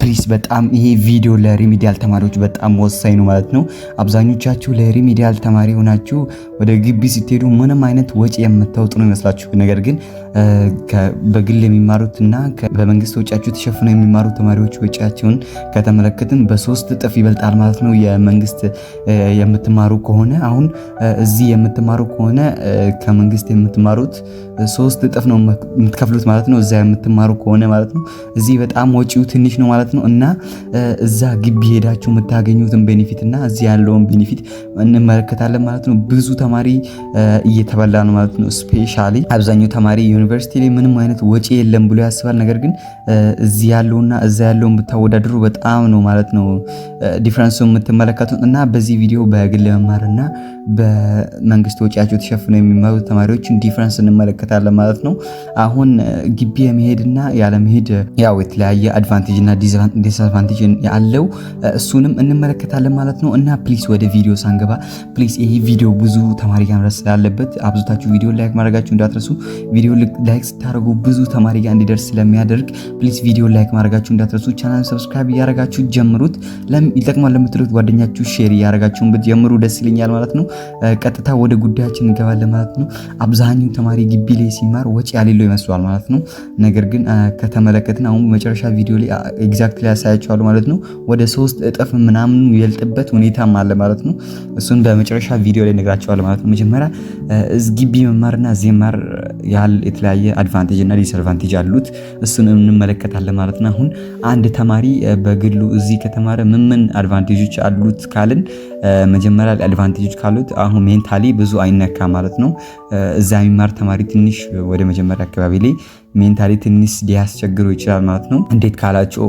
ፕሊስ በጣም ይሄ ቪዲዮ ለሪሚዲያል ተማሪዎች በጣም ወሳኝ ነው ማለት ነው። አብዛኞቻችሁ ለሪሚዲያል ተማሪ ሆናችሁ ወደ ግቢ ስትሄዱ ምንም አይነት ወጪ የምታወጡ ነው ይመስላችሁ። ነገር ግን በግል የሚማሩት እና በመንግስት ወጪያችሁ ተሸፍነው የሚማሩ ተማሪዎች ወጪያቸውን ከተመለከትን በሶስት እጥፍ ይበልጣል ማለት ነው። የመንግስት የምትማሩ ከሆነ አሁን እዚህ የምትማሩ ከሆነ ከመንግስት የምትማሩት ሶስት እጥፍ ነው የምትከፍሉት ማለት ነው። እዛ የምትማሩ ከሆነ ማለት ነው። እዚህ በጣም ወጪው ትንሽ ነው ማለት ነው እና እዛ ግቢ ሄዳችሁ የምታገኙትን ቤኒፊት እና እዚህ ያለውን ቤኒፊት እንመለከታለን ማለት ነው። ብዙ ተማሪ እየተበላ ነው ማለት ነው። ስፔሻሊ አብዛኛው ተማሪ ዩኒቨርሲቲ ላይ ምንም አይነት ወጪ የለም ብሎ ያስባል። ነገር ግን እዚህ ያለውና እዛ ያለውን ብታወዳድሩ በጣም ነው ማለት ነው ዲፍረንሱ የምትመለከቱት እና በዚህ ቪዲዮ በግል መማርና በመንግስት ወጪያቸው ተሸፍነው የሚማሩ ተማሪዎችን ዲፍረንስ እንመለከታለን ማለት ነው። አሁን ግቢ የመሄድና ያለመሄድ ያው የተለያየ አድቫንቴጅ እና ዲስአድቫንቴጅ ያለው እሱንም እንመለከታለን ማለት ነው። እና ፕሊስ ወደ ቪዲዮ ሳንገባ ፕሊስ ይሄ ቪዲዮ ብዙ ተማሪ ጋር መድረስ ስላለበት አብዙታችሁ ቪዲዮ ላይክ ማድረጋችሁ እንዳትረሱ። ቪዲዮ ላይክ ስታደርጉ ብዙ ተማሪ ጋር እንዲደርስ ስለሚያደርግ ፕሊስ ቪዲዮ ላይክ ማድረጋችሁ እንዳትረሱ። ቻናል ሰብስክራይብ እያደረጋችሁ ጀምሩት። ይጠቅማል ለምትሉት ጓደኛችሁ ሼር እያደረጋችሁን ብትጀምሩ ደስ ይለኛል ማለት ነው። ቀጥታ ወደ ጉዳያችን እንገባለን ማለት ነው። አብዛኛው ተማሪ ግቢ ላይ ሲማር ወጪ ያሌለው ይመስሏል ማለት ነው። ነገር ግን ከተመለከትን አሁን መጨረሻ ቪዲዮ ላይ ኤግዛክትሊ ያሳያቸዋል ማለት ነው። ወደ ሶስት እጥፍ ምናምን የሚበልጥበት ሁኔታም አለ ማለት ነው። እሱን በመጨረሻ ቪዲዮ ላይ ነግራቸዋል ማለት ነው። መጀመሪያ እዝግቢ መማርና እዚህ መማር ያህል የተለያየ አድቫንቴጅ እና ዲስአድቫንቴጅ አሉት። እሱን እንመለከታለን ማለት ነው። አሁን አንድ ተማሪ በግሉ እዚህ ከተማረ ምን ምን አድቫንቴጆች አሉት ካልን መጀመሪያ አድቫንቴጆች ካሉት አሁን ሜንታሊ ብዙ አይነካ ማለት ነው። እዛ የሚማር ተማሪ ትንሽ ወደ መጀመሪያ አካባቢ ላይ ሜንታሊ ትንሽ ሊያስቸግረው ይችላል ማለት ነው። እንዴት ካላቸው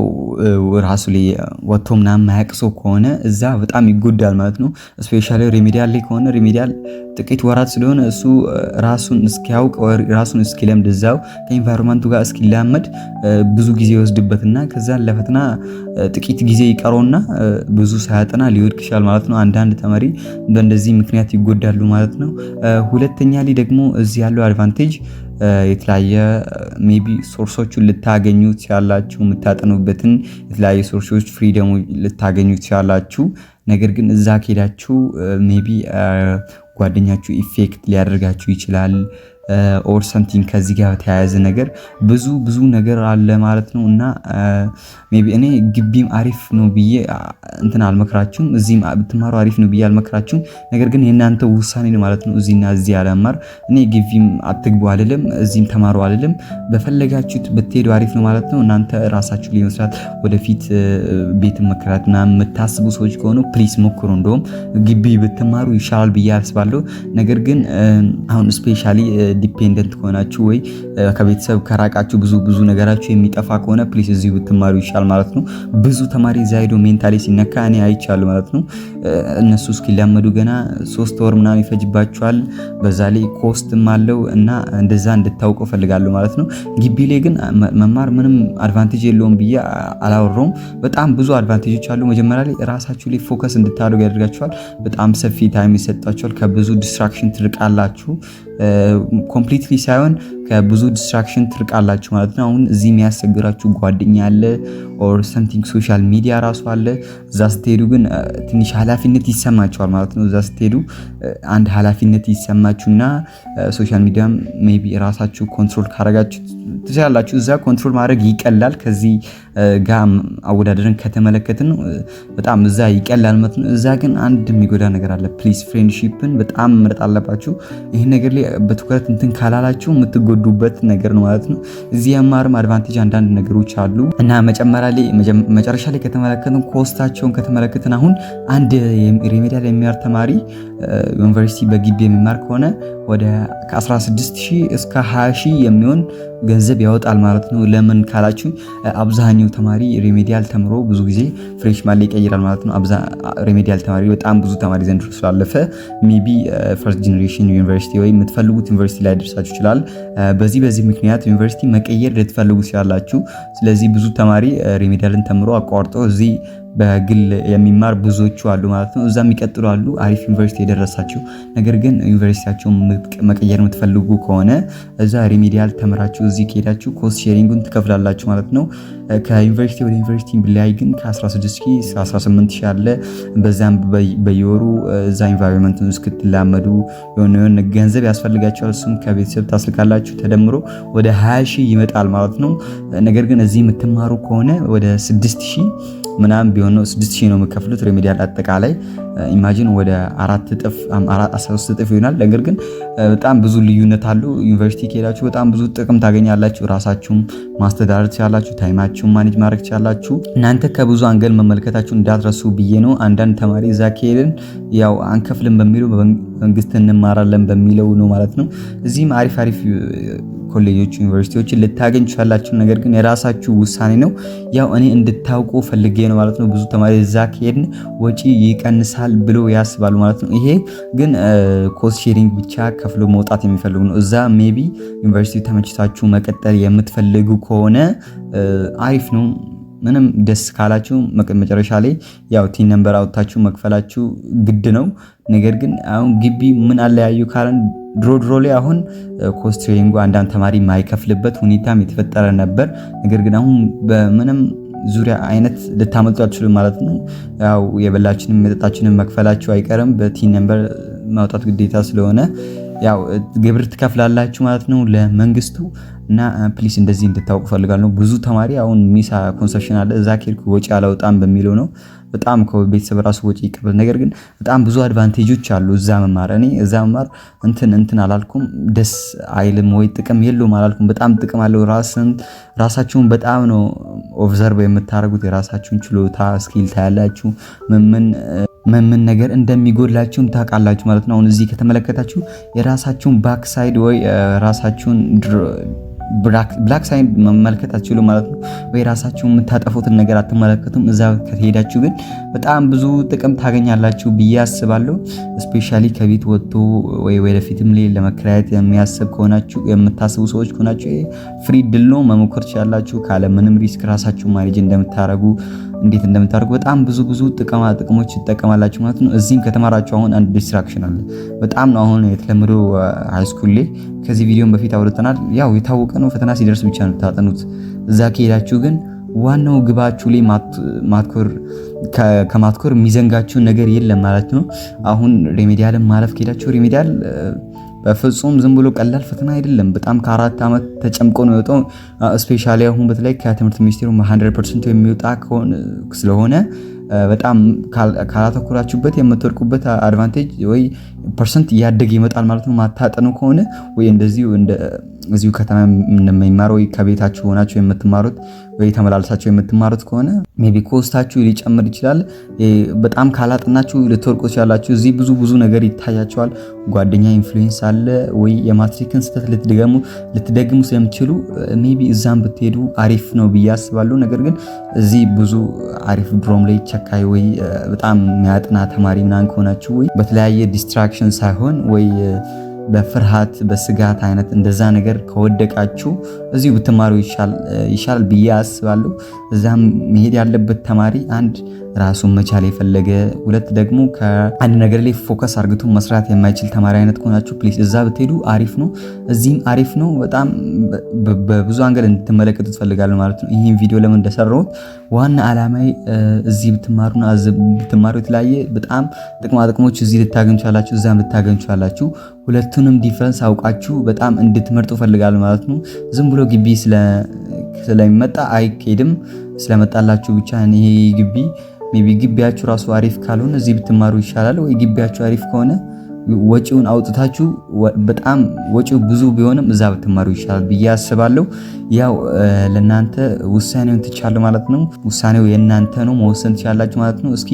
ራሱ ላይ ወጥቶ ምናምን ማያቅ ከሆነ እዛ በጣም ይጎዳል ማለት ነው። ስፔሻሊ ሪሜዲያል ላይ ከሆነ ሪሜዲያል ጥቂት ወራት ስለሆነ እሱ ራሱን እስኪያውቅ ራሱን እስኪለምድ እዛው ከኢንቫይሮንመንቱ ጋር እስኪላመድ ብዙ ጊዜ ይወስድበትና ከዛን ለፈተና ጥቂት ጊዜ ይቀረውና ብዙ ሳያጠና ሊወድቅ ይችላል ማለት ነው። አንዳንድ ተማሪ በእንደዚህ ምክንያት ይጎዳሉ ማለት ነው። ሁለተኛ ላይ ደግሞ እዚህ ያለው አድቫንቴጅ የተለያየ ሜቢ ሶርሶቹን ልታገኙ ትችላላችሁ። የምታጠኑበትን የተለያየ ሶርሶች ፍሪደሙ ልታገኙ ትችላላችሁ። ነገር ግን እዛ ከሄዳችሁ ሜቢ ጓደኛችሁ ኢፌክት ሊያደርጋችሁ ይችላል። ኦር ሰምቲንግ ከዚህ ጋር ተያያዘ ነገር ብዙ ብዙ ነገር አለ ማለት ነው። እና ቢ እኔ ግቢም አሪፍ ነው ብዬ እንትን አልመክራችሁም፣ እዚህም ብትማሩ አሪፍ ነው ብዬ አልመክራችሁም። ነገር ግን የእናንተ ውሳኔ ነው ማለት ነው። እዚህና እዚህ አለማር እኔ ግቢም አትግቡ አልልም፣ እዚህም ተማሩ አልልም። በፈለጋችሁት ብትሄዱ አሪፍ ነው ማለት ነው። እናንተ ራሳችሁ ላይ መስራት ወደፊት ቤት መከራት ምናምን የምታስቡ ሰዎች ከሆኑ ፕሊስ ሞክሩ። እንደውም ግቢ ብትማሩ ይሻላል ብዬ አስባለሁ። ነገር ግን አሁን ስፔሻሊ ዲፔንደንት ከሆናችሁ ወይ ከቤተሰብ ከራቃችሁ ብዙ ብዙ ነገራችሁ የሚጠፋ ከሆነ ፕሊስ እዚሁ ብትማሩ ይሻል ማለት ነው። ብዙ ተማሪ እዛ ሄዶ ሜንታሊ ሲነካ እኔ አይቻሉ ማለት ነው። እነሱ እስኪላመዱ ገና ሶስት ወር ምናምን ይፈጅባቸዋል። በዛ ላይ ኮስትም አለው እና እንደዛ እንድታውቀው እፈልጋለሁ ማለት ነው። ግቢ ላይ ግን መማር ምንም አድቫንቴጅ የለውም ብዬ አላወራውም። በጣም ብዙ አድቫንቴጆች አሉ። መጀመሪያ ላይ ራሳችሁ ላይ ፎከስ እንድታደርጉ ያደርጋችኋል። በጣም ሰፊ ታይም ይሰጣችኋል። ከብዙ ዲስትራክሽን ትርቃላችሁ። ኮምፕሊትሊ ሳይሆን ከብዙ ዲስትራክሽን ትርቃላችሁ ማለት ነው። አሁን እዚህ የሚያስቸግራችሁ ጓደኛ አለ ኦር ሰምቲንግ ሶሻል ሚዲያ ራሱ አለ። እዛ ስትሄዱ ግን ትንሽ ኃላፊነት ይሰማችኋል ማለት ነው። እዛ ስትሄዱ አንድ ኃላፊነት እና ሶሻል ሚዲያም ሜይ ቢ ራሳችሁ ኮንትሮል ካረጋችሁ ትችላላችሁ። እዛ ኮንትሮል ማድረግ ይቀላል። ከዚህ ጋር አወዳደርን ከተመለከትን በጣም እዛ ይቀላል ማለት ነው። እዛ ግን አንድ የሚጎዳ ነገር አለ። ፕሊስ ፍሬንድሺፕን በጣም ምርጥ አለባችሁ። ይህን ነገር ላይ በትኩረት እንትን ካላላችሁ የምትጎ የሚጎዱበት ነገር ነው ማለት ነው። እዚህ የመማርም አድቫንቴጅ አንዳንድ ነገሮች አሉ እና መጨመሪያ ላይ መጨረሻ ላይ ከተመለከትን ኮስታቸውን ከተመለከትን አሁን አንድ ሪሜዲያል የሚያር ተማሪ ዩኒቨርሲቲ በግቢ የሚማር ከሆነ ወደ 16 ሺህ እስከ 20 ሺህ የሚሆን ገንዘብ ያወጣል ማለት ነው። ለምን ካላችሁ አብዛኛው ተማሪ ሪሜዲያል ተምሮ ብዙ ጊዜ ፍሬሽ ማለ ይቀይራል ማለት ነው። ሪሜዲያል ተማሪ በጣም ብዙ ተማሪ ዘንድሮ ስላለፈ ሜቢ ፈርስት ጀኔሬሽን ዩኒቨርሲቲ ወይም የምትፈልጉት ዩኒቨርሲቲ ላይ ደርሳችሁ ይችላል። በዚህ በዚህ ምክንያት ዩኒቨርሲቲ መቀየር ልትፈልጉ ስላላችሁ፣ ስለዚህ ብዙ ተማሪ ሪሜዲያልን ተምሮ አቋርጦ እዚህ በግል የሚማር ብዙዎቹ አሉ ማለት ነው። እዛ የሚቀጥሉ አሉ አሪፍ ዩኒቨርሲቲ የደረሳችሁ ነገር ግን ዩኒቨርሲቲያቸውን መቀየር የምትፈልጉ ከሆነ እዛ ሪሜዲያል ተምራችሁ እዚህ ከሄዳችሁ ኮስት ሼሪንጉን ትከፍላላችሁ ማለት ነው። ከዩኒቨርሲቲ ወደ ዩኒቨርሲቲ ቢለያይ ግን ከ16 እስከ 18 ያለ በዛም በየወሩ እዛ ኢንቫይሮንመንት እስክትላመዱ የሆነ የሆነ ገንዘብ ያስፈልጋቸዋል። እሱም ከቤተሰብ ታስልካላችሁ ተደምሮ ወደ 20 ሺህ ይመጣል ማለት ነው። ነገር ግን እዚህ የምትማሩ ከሆነ ወደ 6 ሺህ ምናምን ቢሆን ነው ስድስት ነው የምከፍሉት ሪሚዲያል አጠቃላይ ኢማጂን ወደ አራት እጥፍ እጥፍ ይሆናል። ነገር ግን በጣም ብዙ ልዩነት አሉ። ዩኒቨርሲቲ ከሄዳችሁ በጣም ብዙ ጥቅም ታገኛላችሁ። ራሳችሁም ማስተዳደር ትችላላችሁ። ታይማችሁም ማኔጅ ማድረግ ትችላላችሁ። እናንተ ከብዙ አንገል መመልከታችሁ እንዳትረሱ ብዬ ነው። አንዳንድ ተማሪ እዛ ከሄድን ያው አንከፍልም በሚለው መንግስት እንማራለን በሚለው ነው ማለት ነው። እዚህም አሪፍ አሪፍ ኮሌጆች፣ ዩኒቨርሲቲዎችን ልታገኝ ትችላላችሁ። ነገር ግን የራሳችሁ ውሳኔ ነው። ያው እኔ እንድታውቁ ፈልጌ ነው ማለት ነው። ብዙ ተማሪ እዛ ከሄድን ወጪ ይቀንሳል ብሎ ያስባሉ ማለት ነው። ይሄ ግን ኮስት ሼሪንግ ብቻ ከፍሎ መውጣት የሚፈልጉ ነው። እዛ ሜቢ ዩኒቨርሲቲ ተመችታችሁ መቀጠል የምትፈልጉ ከሆነ አሪፍ ነው። ምንም ደስ ካላችሁ መጨረሻ ላይ ያው ቲን ነንበር አውጥታችሁ መክፈላችሁ ግድ ነው። ነገር ግን አሁን ግቢ ምን አለያዩ ካለን ድሮ ድሮ ላይ አሁን ኮስት ሼሪንጉ አንዳንድ ተማሪ የማይከፍልበት ሁኔታም የተፈጠረ ነበር። ነገር ግን አሁን በምንም ዙሪያ አይነት ልታመልጡ አትችሉም ማለት ነው። ያው የበላችንም መጠጣችንም መክፈላችሁ አይቀርም። በቲን ነምበር ማውጣት ግዴታ ስለሆነ ያው ግብር ትከፍላላችሁ ማለት ነው ለመንግስቱ። እና ፕሊስ እንደዚህ እንድታውቅ ፈልጋለሁ። ብዙ ተማሪ አሁን ሚሳ ኮንሰፕሽን አለ እዛ ኬልኩ ወጪ አላወጣም በሚለው ነው በጣም ከቤተሰብ ራሱ ወጪ ይቀበል። ነገር ግን በጣም ብዙ አድቫንቴጆች አሉ እዛ መማር። እኔ እዛ መማር እንትን እንትን አላልኩም፣ ደስ አይልም ወይ ጥቅም የለውም አላልኩም። በጣም ጥቅም አለው። ራሳችሁን በጣም ነው ኦብዘርቭ የምታደርጉት። የራሳችሁን ችሎታ ስኪል ታያላችሁ ምን መምን ነገር እንደሚጎላችሁም ታውቃላችሁ ማለት ነው። አሁን እዚህ ከተመለከታችሁ የራሳችሁን ባክሳይድ ወይ ራሳችሁን ብላክ ሳይን መመልከት አትችሉ ማለት ነው። ወይ ራሳችሁ የምታጠፉትን ነገር አትመለከቱም። እዛ ከሄዳችሁ ግን በጣም ብዙ ጥቅም ታገኛላችሁ ብዬ አስባለሁ። ስፔሻሊ ከቤት ወጥቶ ወይ ወደፊትም ላይ ለመከራየት የሚያስብ ከሆናችሁ የምታስቡ ሰዎች ከሆናችሁ ፍሪ ድል ነው መሞከር ትችላላችሁ። ካለምንም ሪስክ ራሳችሁ ማኔጅ እንደምታደርጉ እንዴት እንደምታደርጉ በጣም ብዙ ብዙ ጥቅማ ጥቅሞች ትጠቀማላችሁ ማለት ነው። እዚህም ከተማራችሁ አሁን አንድ ዲስትራክሽን አለ። በጣም ነው አሁን የተለመደው ሃይስኩል ላይ ከዚህ ቪዲዮን በፊት አውርተናል። ያው የታወቀ ነው። ፈተና ሲደርስ ብቻ ነው ታጠኑት። እዛ ከሄዳችሁ ግን ዋናው ግባችሁ ላይ ማትኮር ከማትኮር የሚዘንጋችሁ ነገር የለም ማለት ነው። አሁን ሬሜዲያልን ማለፍ ከሄዳችሁ ሬሜዲያል በፍጹም ዝም ብሎ ቀላል ፈተና አይደለም። በጣም ከአራት ዓመት ተጨምቆ ነው የወጣው። ስፔሻሊ አሁን በተለይ ከትምህርት ሚኒስቴሩ 100 የሚወጣ ስለሆነ በጣም ካላተኩራችሁበት የምትወድቁበት አድቫንቴጅ ወይ ፐርሰንት እያደገ ይመጣል ማለት ነው። ማታጠኑ ከሆነ ወይ እንደዚሁ እንደ እዚሁ ከተማ እንደሚማረው ከቤታችሁ ሆናችሁ የምትማሩት ወይ ተመላልሳችሁ የምትማሩት ከሆነ ሜይ ቢ ኮስታችሁ ሊጨምር ይችላል። በጣም ካላጥናችሁ ልትወርቁ ትችላላችሁ። እዚህ ብዙ ብዙ ነገር ይታያቸዋል። ጓደኛ ኢንፍሉዌንስ አለ ወይ የማትሪክን ስህተት ልትደገሙ ልትደግሙ ስለምትችሉ ሜይ ቢ እዛም ብትሄዱ አሪፍ ነው ብዬ አስባለሁ። ነገር ግን እዚህ ብዙ አሪፍ ድሮም ላይ ቸካይ ወይ በጣም የሚያጥና ተማሪ ምናምን ከሆናችሁ ወይ በተለያየ ዲስትራክሽን ሳይሆን ወይ በፍርሃት በስጋት አይነት እንደዛ ነገር ከወደቃችሁ እዚሁ ብትማሩ ይሻላል ብዬ አስባለሁ። እዛም መሄድ ያለበት ተማሪ አንድ ራሱን መቻል የፈለገ ሁለት ደግሞ ከአንድ ነገር ላይ ፎከስ አርግቶ መስራት የማይችል ተማሪ አይነት ከሆናችሁ ፕሊስ እዛ ብትሄዱ አሪፍ ነው፣ እዚህም አሪፍ ነው። በጣም በብዙ አንገል እንድትመለከቱ ትፈልጋለሁ ማለት ነው። ይህን ቪዲዮ ለምን እንደሰራሁት ዋና አላማይ እዚህ ብትማሩና ብትማሩ የተለያየ በጣም ጥቅማጥቅሞች እዚህ ልታገኙ ቻላችሁ፣ እዛ ልታገኙ ቻላችሁ። ሁለቱንም ዲፈረንስ አውቃችሁ በጣም እንድትመርጡ እፈልጋለሁ ማለት ነው። ዝም ብሎ ግቢ ስለሚመጣ አይኬድም። ስለመጣላችሁ ብቻ ይሄ ግቢ ሜቢ ግቢያችሁ ራሱ አሪፍ ካልሆነ እዚህ ብትማሩ ይሻላል፣ ወይ ግቢያችሁ አሪፍ ከሆነ ወጪውን አውጥታችሁ በጣም ወጪው ብዙ ቢሆንም እዛ ብትማሩ ይሻላል ብዬ አስባለሁ። ያው ለእናንተ ውሳኔውን ትቻለሁ ማለት ነው። ውሳኔው የእናንተ ነው፣ መወሰን ትችላላችሁ ማለት ነው። እስኪ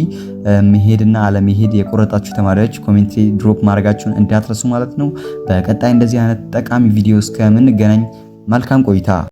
መሄድና አለመሄድ የቆረጣችሁ ተማሪዎች ኮሜንት ድሮፕ ማድረጋችሁን እንዳትረሱ ማለት ነው። በቀጣይ እንደዚህ አይነት ጠቃሚ ቪዲዮ እስከምንገናኝ መልካም ቆይታ